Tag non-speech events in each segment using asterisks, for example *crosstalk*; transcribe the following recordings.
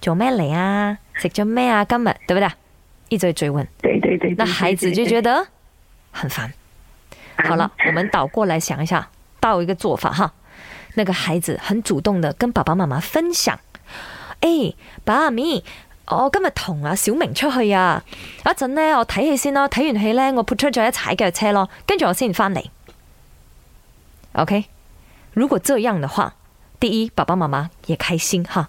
做咩嚟啊？食咗咩啊？今日對不對？一直追問，對對對。那孩子就覺得很煩。好了，我們倒過來想一下，倒一個做法哈。 *laughs* 那個孩子很主動地跟爸爸媽媽分享，誒、欸，爸咪，我今日同阿小明出去啊。一陣呢，我睇戲先咯，睇完戲呢，我 Put 出咗一踩腳車咯，跟住我先翻嚟。OK，如果這樣的話，第一，爸爸媽媽也開心哈。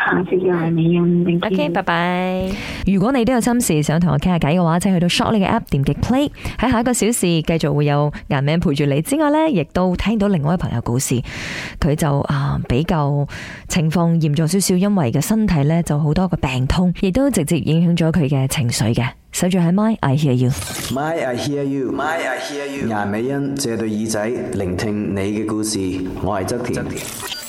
下次又係美恩 OK，拜拜。如果你都有心事想同我傾下偈嘅話，請去到 Short 呢嘅 App 點擊 Play。喺下一個小時繼續會有顏美恩陪住你之外呢，亦都聽到另外一位朋友故事。佢就啊、呃、比較情況嚴重少少，因為個身體呢就好多個病痛，亦都直接影響咗佢嘅情緒嘅。守住喺 My，I hear you。My，I hear you。My，I hear you。顏美恩借對耳仔聆聽你嘅故事，我係澤田。